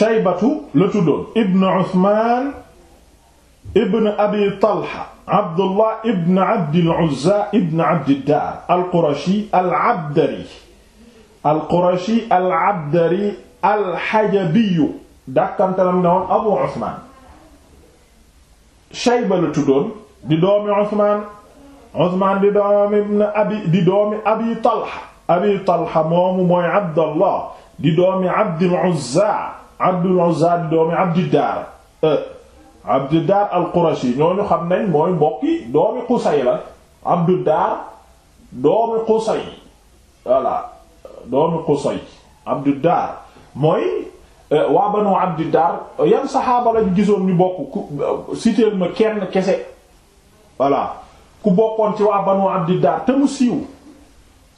shaybatu la tuddoon ibn uthman ibn abi talha abdullah ibn abdil uzza ibn abdiddaar alqurashi alabdari alqurashi alabdari alxajabiyu dàkkantalam ne woon abu uthman shayba la tuddoon di doomi uthman uthman di doomi ibn abi di doomi abi talha abi talha moomu mooy abdallah di doomi abdil uzza Abdul Uzza doomi Abdiddar euh, Abdiddar al-Qurashi ñooñu xam nañ mooy mbokki doomi Qusay la Abdiddar doomi Qusay voilà doomi Qusay Abdiddar mooy euh, waa Banu Abdiddar yan saxaaba lañ gisoon ñu bokk ku euh, citeel ma kenn kese voilà ku bokkoon ci waa Banu Abdiddar te mu siiw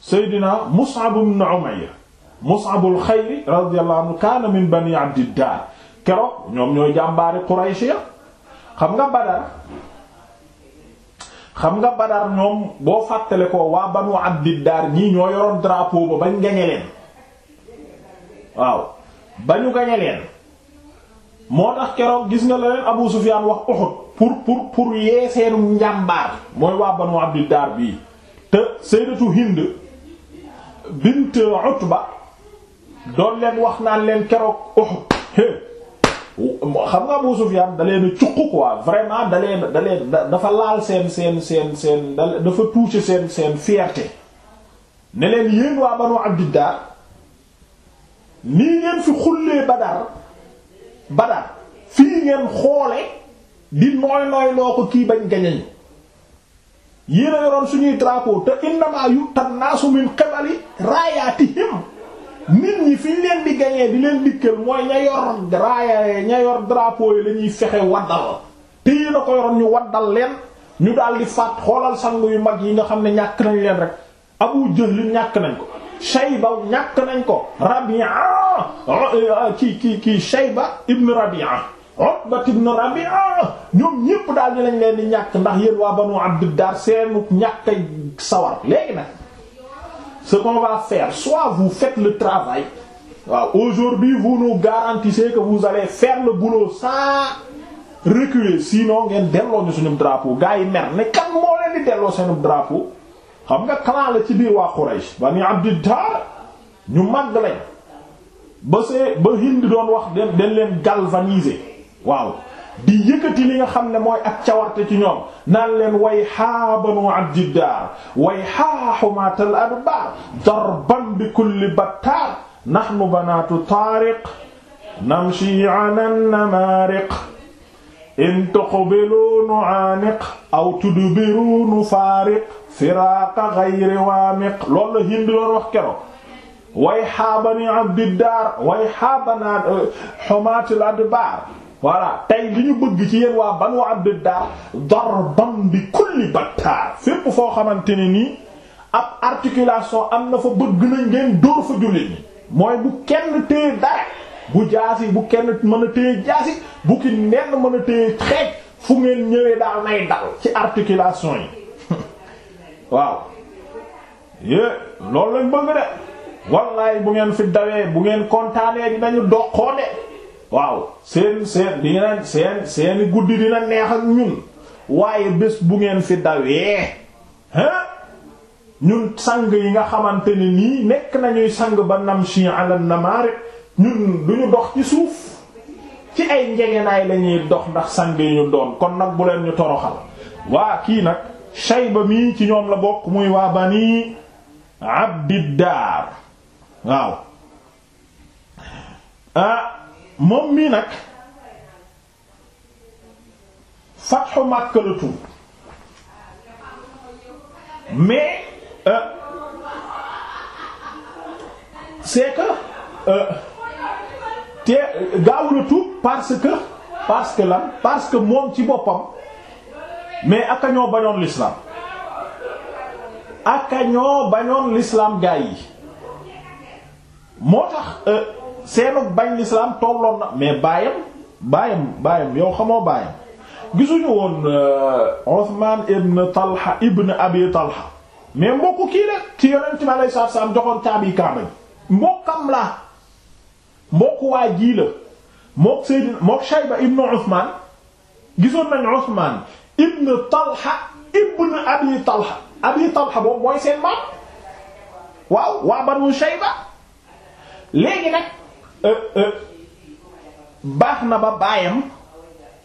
Seydina Mus'ab ibn Umayr Mus'abul Xayri radiyallahu anhu kaana min bani Abdiddaar keroog ñoom ñooy jàmbaari Quraysh ya xam nga Badar xam nga Badar ñoom boo fàttale ko waa banu Abdiddaar ñii ñoo yoroon drapeau ba bañ gañe leen waaw bañu gañe leen moo tax keroog gis nga la leen Abu Sufyaan wax Uhud pour pour pour yee seenu njàmbaar mooy waa banu Abdiddaar bii te Sayyidatu Hind bint Utba doon leen wax naan leen keroog Uhud xam nga Abu Sufyan da leen cuq quoi vraiment da leen da leen dafa laal seen seen seen seen dafa touché seen seen fierté ne leen yéen waa Banu Abdiddar nii ngeen fi xullee Badar Badar fii ngeen xoole di nooy nooy loo ko kii bañ gañe ñu yéen a yoroon drapeau te innamaa yu'tan naasu min qibali raayaatihim nit ñi fi ñu leen di gañee di leen dikkal mooy ña yor raaya ña yor drapeau yi la fexe waddal te yéen a ko yoroon ñu waddal leen ñu daal di xoolal sangu yu mag yi nga xam ne ñàkk nañ leen rek Abu Jahl ñàkk nañ ko Shayba ñàkk nañ ko Rabi'a ki ki ki Shayba ibn Rabi'a Utba ibn Rabi'a ñoom ñépp daal di lañ leen di ñàkk ndax yéen waa Banu Abd Dar seenu ñàkk sawar léegi nag ce qu'on va faire soit vous faites le travail waaw aujourd'hui vous nous garantissez que vous allez faire le boulot sans reculer sinon ngeen delloo ñu suñu drapeau gars yi mer ne kan moo leen di delloo seen drapeau xam nga clan la ci biir waa Quraysh bani Abdid Dar ñu màgg lañ ba see ba Hind doon wax den den leen galvaniser waaw di yëkkati li nga xam ne mooy ak cawarte ci ñoom naan leen way xaa banu abdiddaar way xaa xumaatal adbaar darban bi kulli battaar nahnu banaatu taariq namshi ala namaariq in tuqbilu nu'aaniq aw tudbiru nufaariq firaaqa ghayri waamiq loolu la Hind doon wax keroog way xaa banu abdiddaar way xaa banaat xumaatal adbaar voilà tey li ñu bëgg ci yéen waa banu abdu daar darban bi kulli battaar fépp foo xamante ni nii ab articulation am na fa bëgg na ngeen dóor fa jullit ñi mooy bu kenn téye dara bu jaasi bu kenn mën a téye jaasi bu ki nenn mën a téye xeej fu ngeen ñëwee daal nay dal ci articulation yi waaw yé loolu lañ bëgg de wallaay bu ngeen fi dawee bu ngeen kontaanee dinañu doqoo de waaw seen seen di ngeen seen seeni guddi dina neex ak ñun waaye bés bu ngeen fi dawee hein ñun sang yi nga xamante ni nii nekk nañuy sang ba namshi ala namaar ñun duñu dox ci suuf ci ay njegenaay lañuy dox ndax sang yi ñu doon kon nag bu leen ñu toroxal waa kii nag ba mii ci ñoom la bokk muy waa bani Abdiddaar waaw ah moom mii nag fatxu Makka la tuub mais euh, euh, te gaaw la tuub parce que parce que moom ci boppam mais aka ñoo bañoon l'islam aka ñoo bañoon l'islam gaa yi moo tax. Euh, seenug bañ lislaam tolloon na baayam baayam yow xamoo baayam gisuñu woon euh, Othman ibn Talha ibn Abi Talha mais mbokk kii la ci yonent bi alayhi salaam joxoon caabi Kaaba mbokkam la mbokk waa jii la mook Seydina mook Shayba ibn Othman gisoon nañu Othman ibn Talha ibn Abi Talha Abi Talha boobu mooy seen maam waaw waa Banu Shayba léegi nag Euh, euh, baax na ba baayam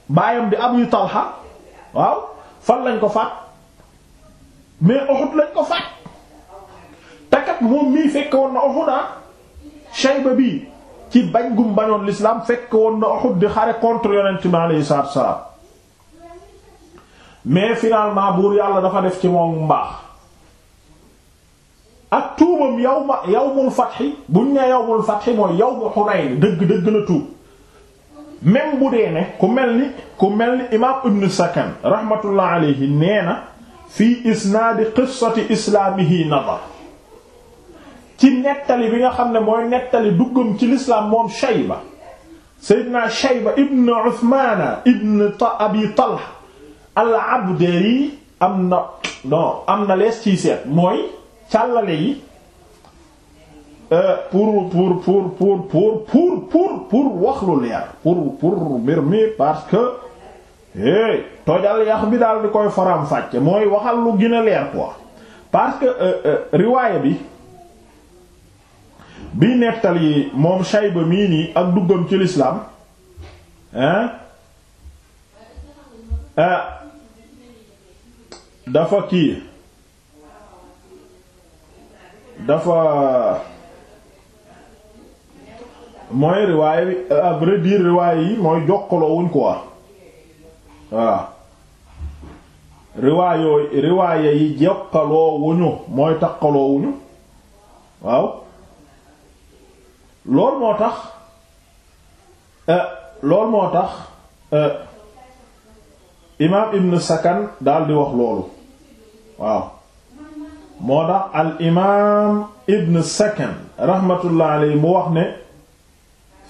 baayam di Abu Talha waaw fan lañ ko faat mais Uhud lañ ko faat takat moom mii fekk woon na Uhud ah. Shayba bii ci bañ gum bañoon lislaam fekk woon na Uhud di xare contre yonent bi alayhi salaatu wa salaam mais finalement buur yàlla dafa def ci moom mbaax ak tuubam yawma yawmul fatxi buñ ne yawmul fatxi mooy yawmu Xunayn dëgg dëgg la tuub même bu dee ne ku mel ni ku mel ni imaam Ibn Sakan rahmatullah alayhi nee na fii isnaadi qissati islaamihi nadar ci nettali bi nga xam ne mooy nettali duggam ci lislaam moom Shayba Seydina Shayba ibn Uthmaana ibn Abi Talha al-Abdari am na non am na lees ciy seet mooy càllale yi euh, pour pour pour pour pour pour pour pour wax lu leer pour pour mbir mi parce que hey tojal yax bi daal di koy faram fàcce mooy waxal lu gën a leer quoi parce que euh, euh, riwaaya bi bi nettali moom Shayba mii nii ak duggam ci lislaam hein dafa kii dafa mooy riwaay bi euh, à riwaay yi mooy jokkaloo wuñ ko wax voilà riwaay riwaaya yi jokkaloo wuñu mooy takkaloo wuñu waaw loolu moo tax euh, loolu moo tax euh, imaam Ibn Sakan daal di wax loolu waaw. moo tax al imaam ibn sakan rahmatullah alayhi mu wax ne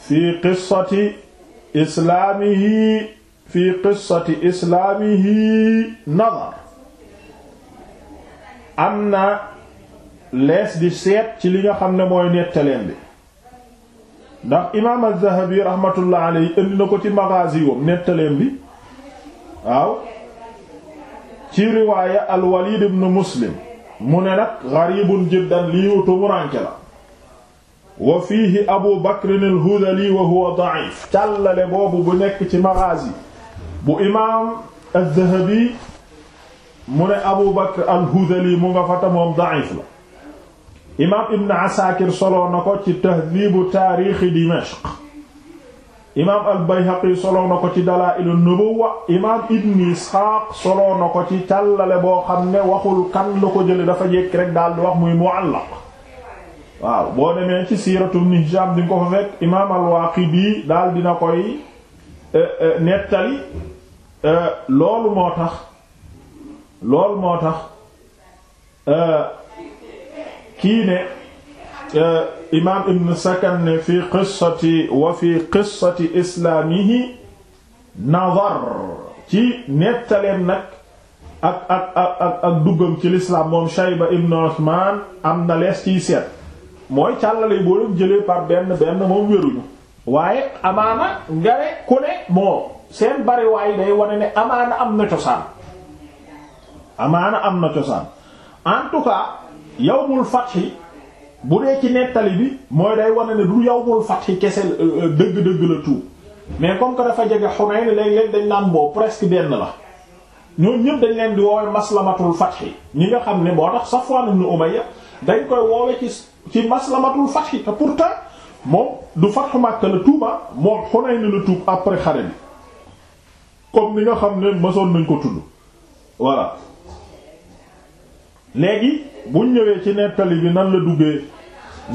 fi qissati islaamihi fi qissati islaamihi nadar am na lees di seet ci li nga xam ne mooy nettaleen bi ndax imaam az-Zahabi rahmatullah alayhi indi na ko ci maghazi wam nettaleen bi waaw ci riwaaya al-Walid Muslim mune ne nag gharibun jiddan lii wu tumuranke wa fiihi abu bakrin al-hudali wa huwa da'if càllale boobu bu nekk ci maghazi bu imaam az-zahabi mu ne abu bakr al-hudali mu fata moom da'if imaam ibn asakir solo na ko ci tahdibu taarixi dimashq imaam al-Bayhaqi soloo ko ci Dalaa'il an-Nubuwwa imaam Ibn Isxaaq soloo na ko ci càllale boo xam ne waxul kan la ko jële dafa jekk rek daal di wax muy mu'allaq waaw boo demee ci siiratu Ibn Hishaam ko fa fekk imaam al-Waaqidi daal dina koy eh, eh, nettali eh, loolu moo tax loolu moo tax kii imaam ibn sakan ne fi qissati wa fi qissati islaamihi nazar ci nettaleen nag ak ak ak ak duggam ci lislaam moom shayba ibn usman am na lees ciy seet mooy càllale boo leen jëlee par benn benn moom wéruñu waaye amaana nga ne ku ne moo seen bariwaay day wane ne amaana am na cosaan amaana am na cosaan en tout cas bu dee ci nettali bi mooy day wane ne du yawmul fathi kese euh, euh, dëgg-dëgg la tuub mais comme que dafa jege Hunayn léeg-léeg dañ naan boo presque benn la ñoom ñëpp dañ leen di woowe maslamatul fathi ñi nga xam ne boo tax Safwan ibn Umayya dañ koy woowe ci ci maslamatul fathi te pourtant moom du fathu Makka la tuuba ah, moom Hunayn la tuub après xare bi comme ni nga xam ne mësoon nañ ko tudd voilà léegi buñ ñëwee ci nettali bi nan la duggee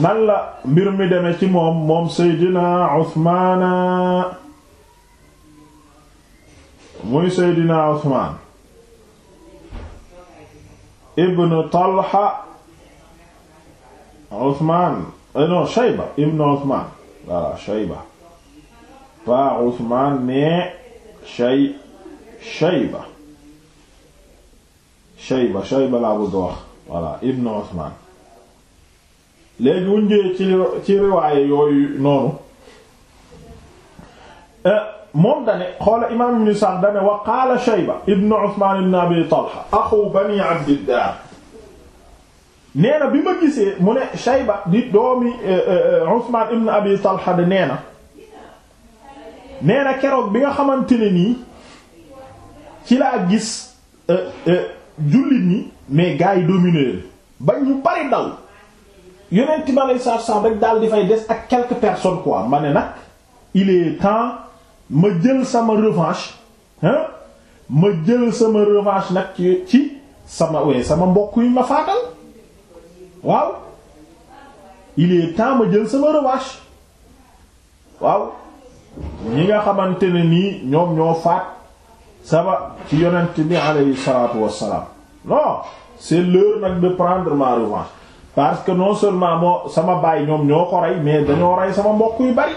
nan la mbir mi demee ci moom moom Seydina Usmaana muy Seydina Usmaan ibn Talha Usmaan eh non Shayba ibn Usmaan voilà Shayba pas Usmaan mais Shay Shayba Shayba Shayba laa bëgg a wax voilà ibnu Usman léegi wuñ jëyee ci ci riwaaye yooyu noonu eh, moom dane xoola imam ibn Sa'd dane wa qaala Shayba ibnu Usman ibn Abi Talha axu bani Abdiddaar nee na bi ma gisee mu ne Shayba di doomi eh, eh, Usman ibn Abi Talha de nee na nee na keroog bi nga xamante ne nii ci laa gis jullit ñi mais gars yi dominé leen ñu bari daw yeneen ma alay saab saab rek daal di fay des ak quelques personnes quoi ma ne nag il est temps ma jël sama revanche hein ma jël sama revanche nag ci ci sama we sama mbokk yi ma faatal waaw il est temps ma jël sama revanche waaw ñi nga xamante ne nii ñoom ñoo faat sama ci yonent bi alayhi salaatu wassalaam non c'est l'heure nag de prendre ma revanche parce que non seulement moo sama baay ñoom ñoo ko rey mais dañoo rey sama mbokk yu bari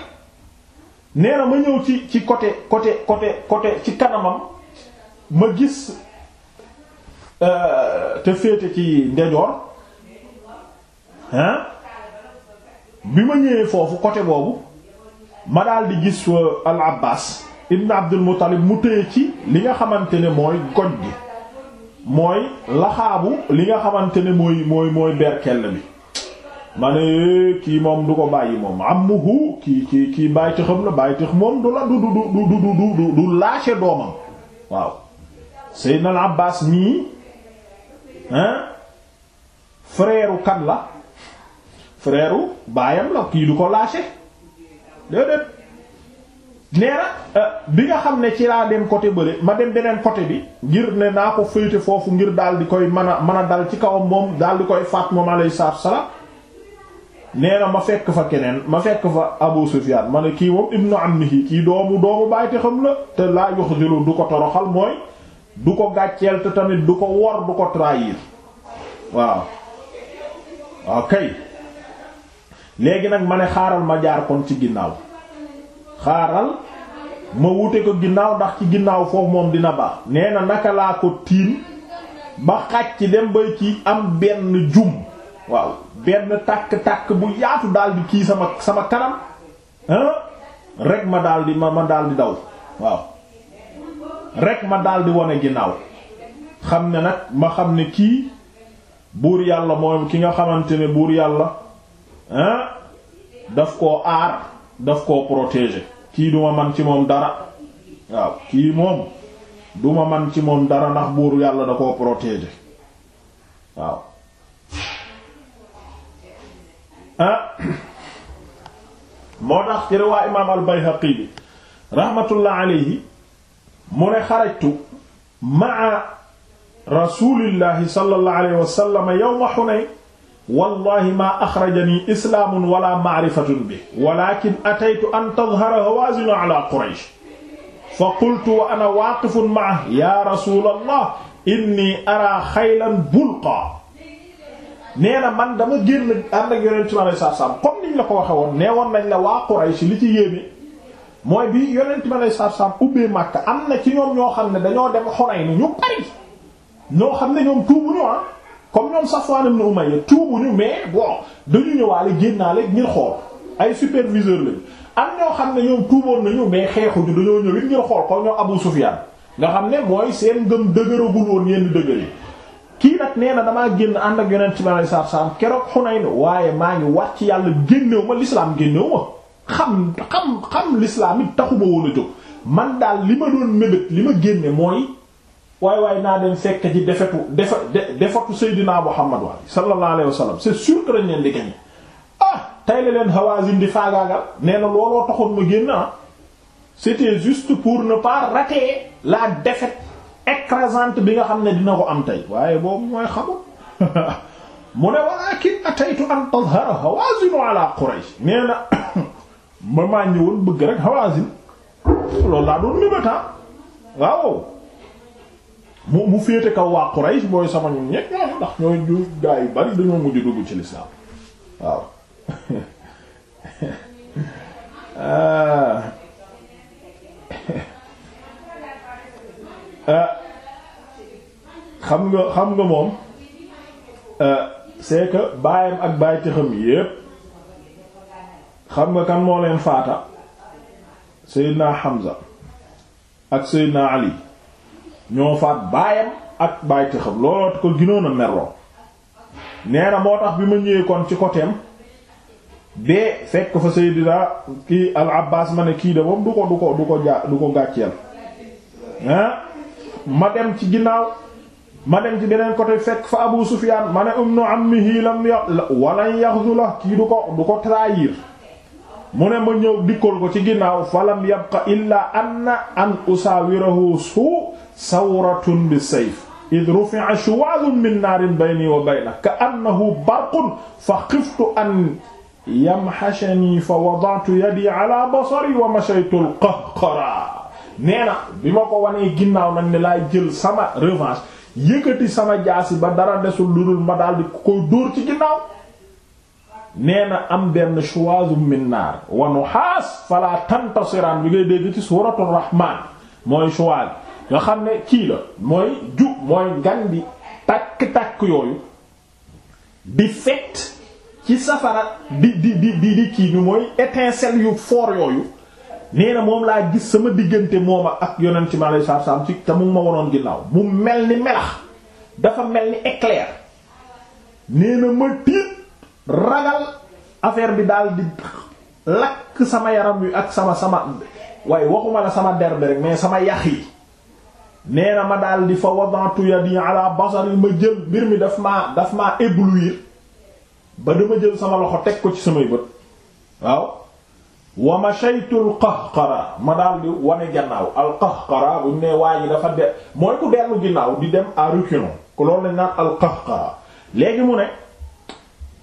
nee na ma ñëw ci ci côté côté côté côté ci kanamam ma gis euh, te féete ci ndejoor hein bi ma ñëwee foofu côté boobu ma daal di gis euh, al Abbas ibn abdul muttalib mu téye ci li nga xamante ne mooy goj gi mooy laxaabu li nga xamante ne mooy mooy mooy berkell bi ma eh, kii moom du ko bàyyi moom ammuhu kii kii kii bàyyi tëxam la bàyyi tëx moom du la du du du du du du doomam waaw Seydina al Abbaas mii hein frère la frère baayam la kii du ko lâché déedéet nee na euh, bi nga xam ne ci laa dem côté bële ma dem beneen côté bi ngir ne naa ko féete foofu ngir daal di koy mën a mën a dal ci kawam moom daal di koy faat moom alayhi salaatu salaam nee na ma fekk fa keneen ma fekk fa Abu Sufyan ma ne kii moom ibnu ammihi kii doomu doomu bàyyi xam la te laa yuxzilu du ko toroxal mooy du ko gàcceel te tamit du ko wor du ko trahir waaw waaw kay léegi nag ma ne xaaral ma jaar kon ci ginnaaw. xaaral ma wute ko ginnaaw ndax ci ginnaaw foofu moom dina baax nee na naka laa ko tiim ba xàcc dem bay ci am benn jum waaw benn tàkk-tàkk bu yaatu daal kii sama sama kanam rek ma daal ma ma daal daw waaw rek ma daal wone ginnaaw xam ne nag ma xam ne kii buur yàlla mooy ki nga xamante ne buur yàlla hein daf koo aar daf koo protéger kii duma man ci moom dara waaw kii moom duma man ci moom dara ndax buur yàlla da koo protéger waaw ah moo tax ci riwaa imaam al Bayhaqi bi rahmatullah alayhi mu ne xarajtu ma'a rasulillahi sallallahu alayhi wa sallam yawma Hunayn wallahi maa axrajani islaamun wala maarifatun bi walakin ataytu an tadhara hawaazinu ala quraysh fa qultu wa ana waaqifun ma'ahu ya rasulallah inni araa xaylan bulqaa nee na man dama génn ànd ak yonent bi alayhi salaatu salaam comme niñ la ko waxe woon nee woon nañ la wa Quraysh li ci yéeme mooy bi yonent bi alayhi salaatu Makka am na ci ñoom ñoo xam ne dañoo dem Hunayn ñu bari ñoo comme ñoom Safwan ibn Umayya tuubuñu mais bon dañu ñëwaale génnaale ngir xool ay superviseur lañu am ñoo xam ne ñoom tuuboon nañu mais xeexuñu dañoo ñëw it ngir xool ko ñoo Abu Sufyan nga xam ne mooy seen ngëm dëgëragul woon yenn dëgër yi kii nag nee na damaa génn ànd ak yonent bi alayhi salaatu salaam keroog Hunayn waaye maa ngi wax ci yàlla génnew ma l'islam génnew ma xam xam xam l'islam it taxu ma woon a jóg man daal li ma doon mébét li ma génne mooy waaye waaye naa dem fekk ci defetu defa defatu Seydina Muhammad wa sallallahu alayhi wa sallam c'est sûr que dañ leen di gañe ah tey la leen Hawazin di faagaagal nee na looloo taxoon ma génn ah c'était juste pour ne pas rater la défaite écrasante bi nga xam ne dina ko am tey waaye boobu mooy xamul mu ne walakin ataytu an tadhara Hawazin ala Quraysh nee na ma maa ñëwoon bëgg rek Hawazin loolu laa doon nëbata waaw mu mu féete kaw waa Quraysh booy sama ñun ñëpp ñooñu ndax ñooy ñu gaa yu bari dañoo mujj dugg ci lislaam waaw ah. Ah. xam nga xam nga moom ah, c'est que baayam ak baay tëxam yépp xam nga kan moo leen faata Seydina Hamza ak Seydina Ali ñoo faat baayam ak baay tëxam looloo ko ginoon a merloo nee na moo tax bi ma ñëwee kon ci côté am bee fekk fa Seydina kii al Abbas ma ne kii de moom du ko du ko du ko ja ma dem ci ginnaaw ma dem ci beneen côté fekk fa Abu Sufyan ma ne ibnu ammihi lam ya wala yaxzula kii du ko du ko trahir mu ne ma ñëw dikkal ko ci ginnaaw falam yabqa illa anna an usawirahu suu sawratun bi sayf id rufi'a shuwaadun min naarin bayni wa baynak ka annahu barqun fa xiftu an yamhashani fa wada'tu yadi ala basari wa mashaytu al-qahqara nee na bi ma ko wanee ginnaaw nag ne laay jël sama revanche yëkkati sama jaasi ba dara desul lu dul ma daal di koy dóor ci ginnaaw nee na am benn shuwaazun min naar wa nuhaas fala tantasiraan bi ngay dégg ci suuratul rahmaan mooy shuwaaz nga xam ne kii la mooy ju mooy ngan di takk-takk yooyu di fet ci safara di di di kii bi mooy étincelle yu foor yooyu nee na moom laa gis sama diggante moom ak yonent mi alayhi salaatu te mu ma waroon ginnaaw mu mel ni melax dafa mel ni éclair nee na ma tiit ragal affaire bi daal di lakk sama yaram wi ak sama sama waaye waxuma la sama der bi mais sama yax yi nee na ma daal di fa wadantu yadi ala basari ma jël mbir mi daf maa daf maa éblouir ba dama jël sama loxo teg ko ci samay bët waaw wa mashaytu al qahqara ma daal di wane gannaaw al qahqara buñ ne waa ji dafa de mooy ku dellu ginnaaw di dem à reculons ku loolu lañ naan al qahqara léegi mu ne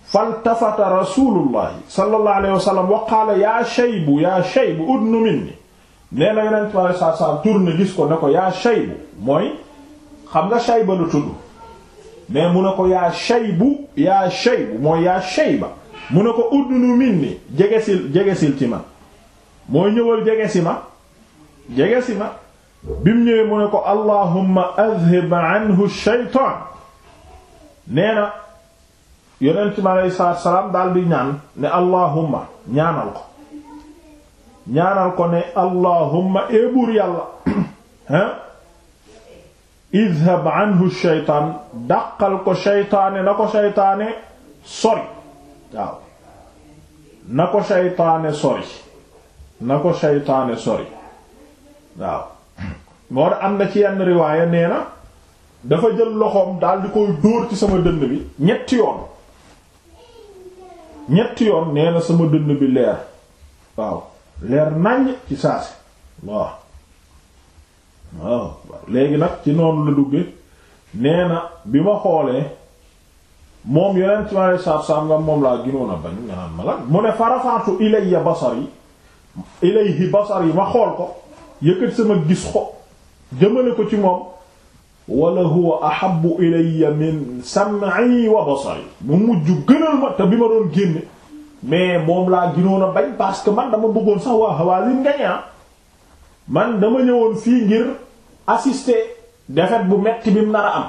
faltafata rasulullahi sallallahu alayhi wa wa qaala yaa shaybu yaa shaybu udnu minni nee na yonent bi saa saa tourne gis ko ne ko yaa Shaybu mooy xam nga Shayba la tudd mais mu ne ko yaa Shaybu yaa Shaybu mooy yaa Shayba mu ne ko uddunu minni jegesil jegesil ci ma mooy ñëwal jegesi ma jegesi ma bim ñëwee mu ne ko allahumma adhib anhu shaytaan nee na yonent bi saa salaam daal di ñaan ne allahumma ñaanal ko. ñaanal ko ne allahumma eebuur eh yàlla hein idhab anhu shaytaan dàqal ko shaytaane na ko shaytaane sori waaw na ko shaytaane sori na ko shaytaane sori waaw moo tax am na ci yenn riwaaya nee na dafa jël loxoom daal di koy dóor ci sama dënn bi ñetti yoon ñetti yoon nee na sama dënn bi leer waaw leer nañ ci saasi waaw waaw léegi nag ci noonu la dugge nee na bi ma xoolee moom yeneen ci ma saab nga moom laa ginoon a bañ nga naan ma la mu ne farafaatu ilayya basar yi ilayhi basar yi ma xool ko yëkkat sama gis xo jëmale ko ci moom walla huwa ahabbu ilayya min sam'i wa basari mu mujj gënal ma te bi ma doon génne mais moom laa ginoon a bañ parce que man dama bëggoon sax waa Hawazin gañe ah. man dama ñëwoon fii ngir assister défaite bu metti bi mu nar a am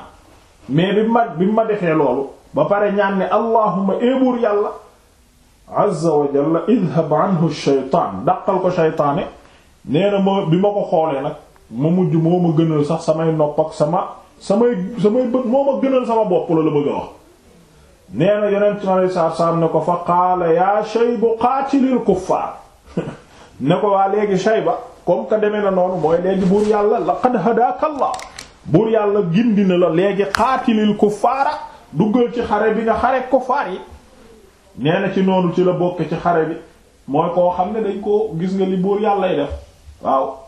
mais bi ma bi ma defee loolu ba pare ñaan ne eebuur eh yàlla azza wa jalla idhab anhu shaytaan daqal ko shaytaane nee na ma bi ma ko xoolee nag ma mujj moo ma gënal sax samay nopp ak sama samay samay bët moo ma gënal sama bopp la la bëgg a nee na yonent ma lay saab ne ko fa qaala yaa Shaybu qaatilil kuffaar ne ko waa léegi Shayba comme que demee na noonu mooy léegi buur yàlla laqad hadaaka Allah buur yàlla gindi na la léegi qaatilil kuffaara duggal ci xare bi nga xare kuffaar yi nee ci noonu ci la bokk ci xare bi mooy koo xam ne dañ ko gis nga li buur yàllay def waaw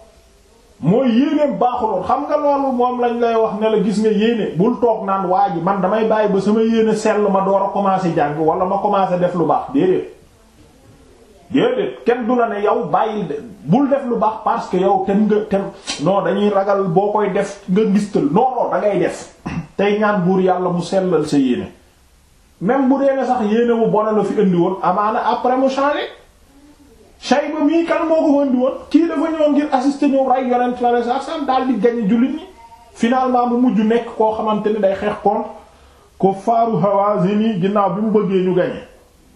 mooy yéeneem baaxuloon xam nga loolu moom lañ lay wax ne la gis nga yéene bul toog naan waa ji man damay bàyyi ba sama yéene sell ma door a commencer jàng wala ma commencer def lu baax déedéet déedéet kenn du la ne yow bàyyi bul def lu baax parce que yow ten nga ten non dañuy ragal boo koy def nga ngistal non non ngay def tey ñaan buur yàlla mu sellal sa yéene même bu dee ne sax yéene bu bon la fi indi woon amaana après mu changer Shayba mii kan moo ko wëndi woon kii dafa ñëw ngir assister ñoom rey yonent la sa sam daal di gañe jullit ñi finalement mu mujj nekk koo xamante ni day xeex contre ko faaru Hawazin yi ginnaaw bi mu bëggee ñu gañe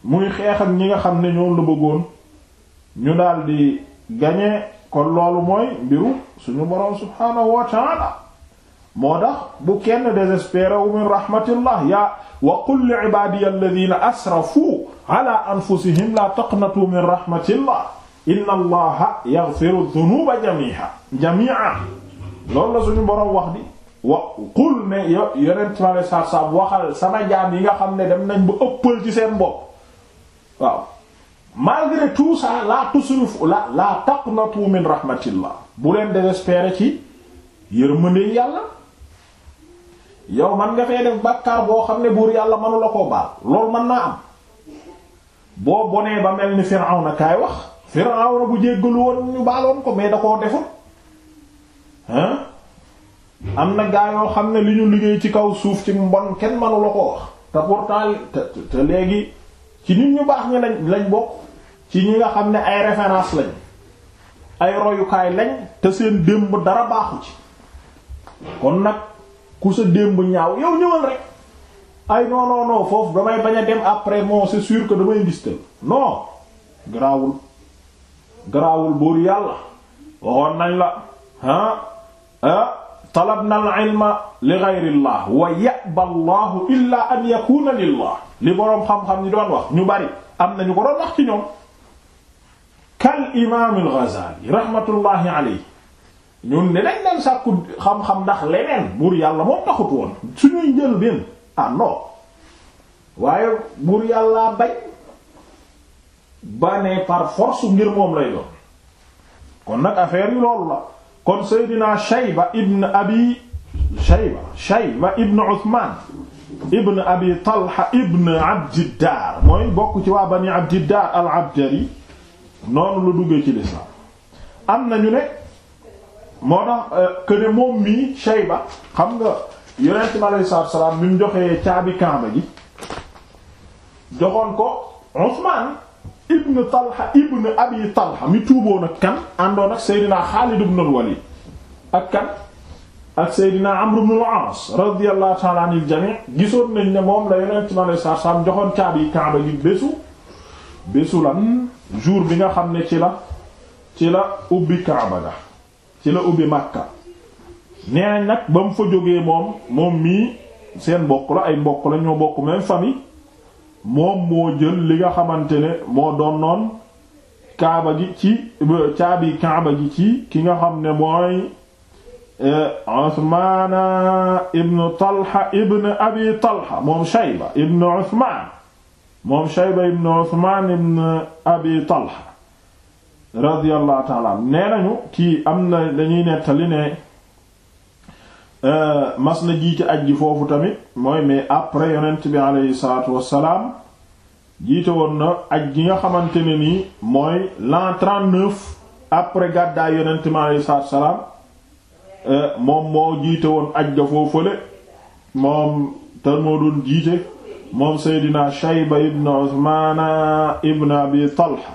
muy xeex ak ñi nga xam ne ñoom la bëggoon ñu daal di gañe kon loolu mooy mbiru suñu boroom subhaanahu wa ta'ala moo tax bu kenn désespéré wu min rahmatillah yaa wa qul li ibadiya alladhina asrafu ala anfusihim laa taqnatu min rahmatillah inna allaha yaghfiru dhunuba jami'a jami'a loolu la suñu boroom wax di wa qul ne yonent ma ne waxal sama jaam yi nga xam ne dem nañ ba ëppal ci seen bopp waaw malgré tout ça la tusrifu la la taqnatu min rahmatillah bu leen désespérer ci yërmande yàlla yow man nga fee def bàkkaar boo xam ne buur yàlla mënu la koo baal loolu mën naa am boo bonee ba mel ni na kaay wax Firawna bu jéggalu woon ñu baaloon ko mais da koo defut hein am na gaa yoo xam ne li ñu liggéey ci kaw suuf ci mbon kenn mënu la ko wax te pourtant te te léegi ci nit ñu baax ñi lañ lañ bokk ci ñi nga xam ne ay référence lañ ay royukaay lañ te seen démb dara baaxu ci kon nag ku sa démb ñaaw yow ñëwal rek ay non non non foofu damay bañ a dem après moom c'est sûr damay gis te non buur yàlla waxoon nañ la ah ah talabna al ilma li ghayrillah wa ya'ba allahu illa an yakuna lillah li boroom xam-xam ñi doon wax ñu bari am na ko doon wax ci ñoom kal imaam al ghazali rahmatullahi alayhi ñun ne lañ dem sàkku xam-xam ndax leneen buur yàlla moom taxut woon suñuy njël benn ah non waaye buur yàllaa bañ ba par force ngir moom lay doon kon nag affaire yi loolu la kon Seydina Shayba ibn Abi Shayba Shayba ibn Uthman ibn Abi Talha ibn Abdiddar mooy bokk ci waa Bani Abdiddar al-Abdari noonu la duggee ci lislaam am na ñu ne moo tax euh, que moom mii Shayba xam nga. yonent bi aleyhi salaatu bi mu joxee caabi Kaaba gi joxoon ko Usmaan ibn Talha ibn Abi Talha mi tuuboon ak kan àndoon ak Seydina Xaalid ibn al ak kan ak Seydina Amr ibn al-Aas radiyallahu ta'ala anil jami' gisoon nañ ne moom la yonent bi aleyhi salaatu joxoon caabi Kaaba gi bésu bésu lan jour bi nga xam ne ci la ci la ubbi Kaaba ga ci la ubbi Makka nee nañ nag ba mu fa jógee moom moom mii seen mbokk la ay mbokk la ñoo bokk même famille moom moo jël li nga xamante ne moo doon noon kaaba gi ci caabi kaaba gi ci ki nga xam ne mooy eh, Usmaana ibn Talha ibn Abi Talha moom Shayba ibn Usmaan moom Shayba ibn Usmaan ibn Abi Talha radiyallahu ta'ala nee nañu kii am na dañuy nettali ne Euh, mas na jiite aj ji foofu tamit mooy mais après yonent bi aleyhi salaatu wassalaam jiite woon na aj ji nga xamante ne nii mooy l'an 39 après gàddaay yonent bi aleyhi salaatu wassalaam euh, moom moo jiite woon aj ga foofale moom te moo doon jiite moom Seydina Shayba ibn Usmaana ibn Abi Talha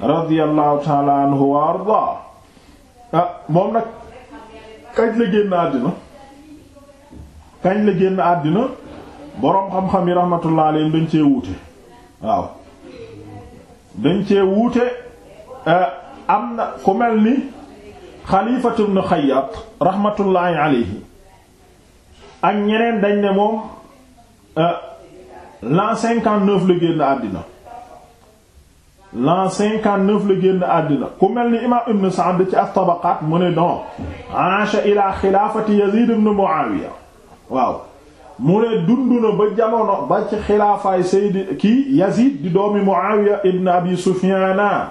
radiyallahu taala anhu wa ardaa ah, moom nag kaj la génn àddina kañ la génn àddina boroom xam-xam yi rahmatullah alayhi dañ cee wuute waaw dañ cee wuute eh, am na ku mel ni xalifatu ibn xayyat rahmatullahi ak ñeneen dañ ne moom eh, l'an cinquante-neuf la génn àddina la génn àddina ku mel ni imaam ibn Sa'd ci at-Tabaqaat mu ne don aasha ila xilaafati Yaziid ibn Muawiya waaw mu ne dund na ba jamono ba ci xilaafaay sayyid ki Yazid di doomi Muawiya ibn Abi Sufyaana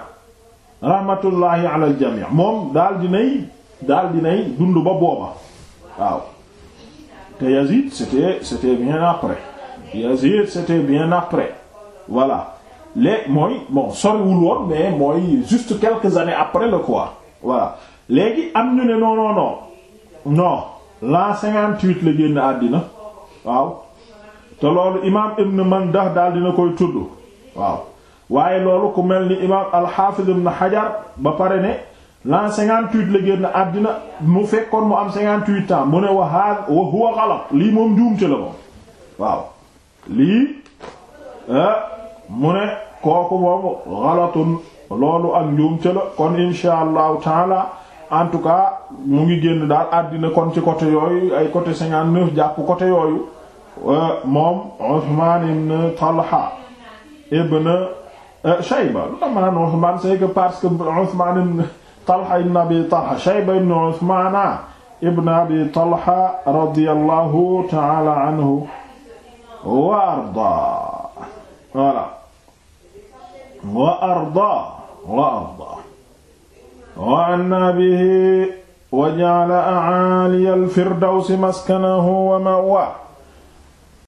rahmatullahi ala jamii moom daal dinay daal dund ba booba waaw te Yazid c'était c'était bien après Yazid c'était bien après voilà léegi mooy bon soriwul woon mais mooy le quoi voilà am ñu ne non l'an cinquante-huit la génn àddina waaw te loolu imaam ibn Mandah daal dina koy tudd waaw waaye loolu ku mel ni imaam al-Hafiz Hajar ba pare ne l'an cinquante-huit la génn àddina mu fekkoon mu am cinquante-huit mu ne wa ha wa huwa ghalat lii moom njuumte la waaw lii ah, mu ne kooku moom ghalatun loolu ak njuumte la kon insha allahu en tout cas mu ngi génn daal àddina kon ci côté yooyu ay côté cinquante-neuf jàpp côté yooyu euh, moom Uthman ibn Talha ibn euh, Shayba lu tax ma naan Uthman c'est que parce que Uthman ibn Talha ibn Abi Talha Shayba ibn Uthman ibn Abi Talha radiyallahu ta'ala anhu wa arda voilà wa arda wa arda wa anna bihi wa ja'ala a'ali al-firdawsi maskanahu wa ma'wa